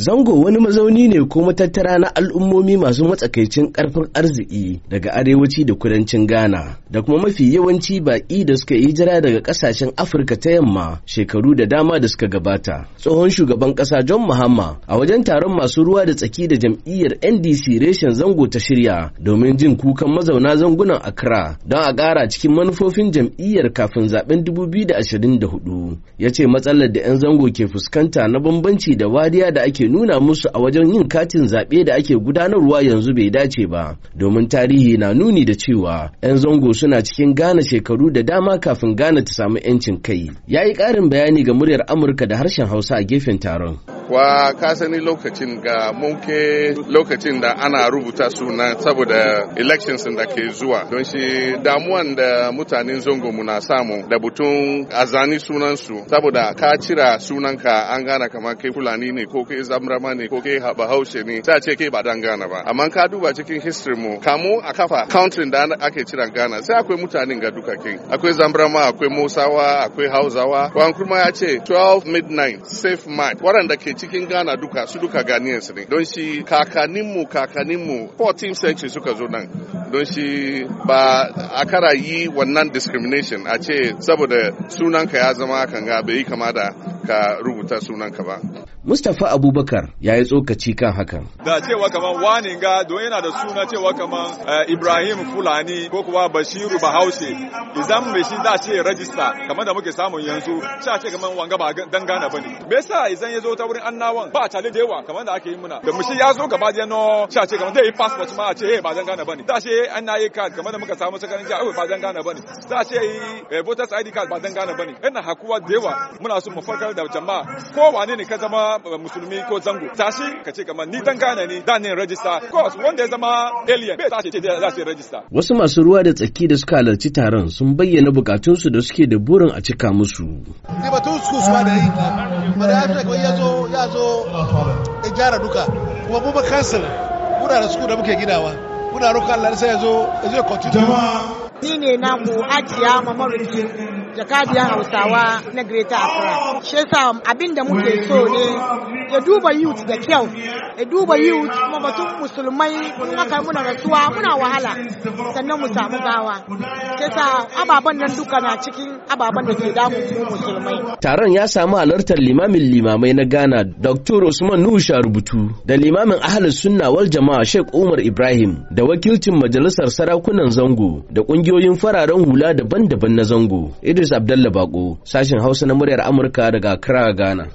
Zango wani mazauni ne ko matattara na al'ummomi masu matsakaicin ƙarfin arziki daga arewaci da kudancin Ghana da kuma mafi yawanci baƙi da suka yi jira daga ƙasashen Afirka ta yamma shekaru da dama da suka gabata. Tsohon shugaban ƙasa John Mahama a wajen taron masu ruwa da tsaki da jam'iyyar NDC reshen zango ta shirya domin jin kukan mazauna zangunan Accra don a ƙara cikin manufofin jam'iyyar kafin zaben hudu, Ya ce matsalar da 'yan zango ke fuskanta na bambanci da wariya da ake nuna musu a wajen yin katin zaɓe da ake gudanarwa yanzu bai dace ba domin tarihi na nuni da cewa 'yan zango suna cikin gane shekaru da dama kafin gane ta samu 'yancin kai ya yi ƙarin bayani ga muryar amurka da harshen hausa a gefen taron kuwa ka sani lokacin ga munke lokacin da ana rubuta suna saboda elections da ke zuwa don shi damuwan da mutanen zongo muna samu da butun azani sunansu saboda ka cira sunanka an gana kamar kai fulani ne ko kai zamrama ne ko kai bahaushe ne ta ce kai ba dan gana ba amma ka duba cikin history mu kamu a kafa country da ake cira gana sai akwai mutanen ga dukakin akwai zamrama akwai musawa akwai hausawa kuma ya ce 12 midnight safe march waɗanda ke cikin Ghana duka su duka Ghanaians ne don shi kakaninmu kakaninmu 14th century suka zo nan don shi ba a kara yi wannan discrimination a ce saboda sunanka ya zama kanga bai yi kama da ka rubuta sunan ka ba. Mustapha Abubakar ya yi tsokaci kan hakan. Da cewa kamar wani ga don yana da suna cewa kamar eh, Ibrahim Fulani ko kuwa Bashiru Bahaushe idan mai shi za ce rajista kamar da muke samun yanzu sha ce kamar wanga ba dangana gana ba ne. Me yasa idan ya zo ta wurin annawan ba tare da yawa kamar da ake yi muna da mushi ya zo gaba da no sha ce kamar zai yi passport ma a ce hey eh, ba dangana gana ba ne. Da ce an na yi card kamar da muka samu sakarin ja ba dangana gana ba ne. Da ce yi eh, voters ID card ba dangana gana ba ne. Ina hakuwa da yawa muna so mu farka tare da jama'a ko wane ne ka zama eh, musulmi ko zango tashi ka ce kamar ni dan gane ni dan ne register course wanda ya zama alien bai tashi ce za su register wasu masu ruwa da tsaki da suka halarci taron sun bayyana bukatun su da suke da burin a cika musu ne batun su su da yi ba da ya zo ya zo ya gyara duka kuma mu ba kansil muna da suku da muke ginawa muna roƙon Allah sai ya zo ya zo ya continue jama'a ni ne na mu ajiya mamarin jakadiyar hausawa na Greater Accra. Shi yasa abin da muke so ne ya duba youth da kyau, ya duba youth kuma batun musulmai kun haka muna rasuwa muna wahala sannan mu samu gawa. Shi ababen nan duka na cikin ababen da ke damu musulmai. Taron ya samu halartar limamin limamai na Ghana Dr. Usman Nuhu Rubutu da limamin ahli Sunna wal Jama'a Sheikh Umar Ibrahim da wakilcin majalisar sarakunan zango da kungiyoyin fararen hula daban-daban na zango. Idris Abdallah Bako, sashen Hausa na muryar Amurka daga Accra, Ghana.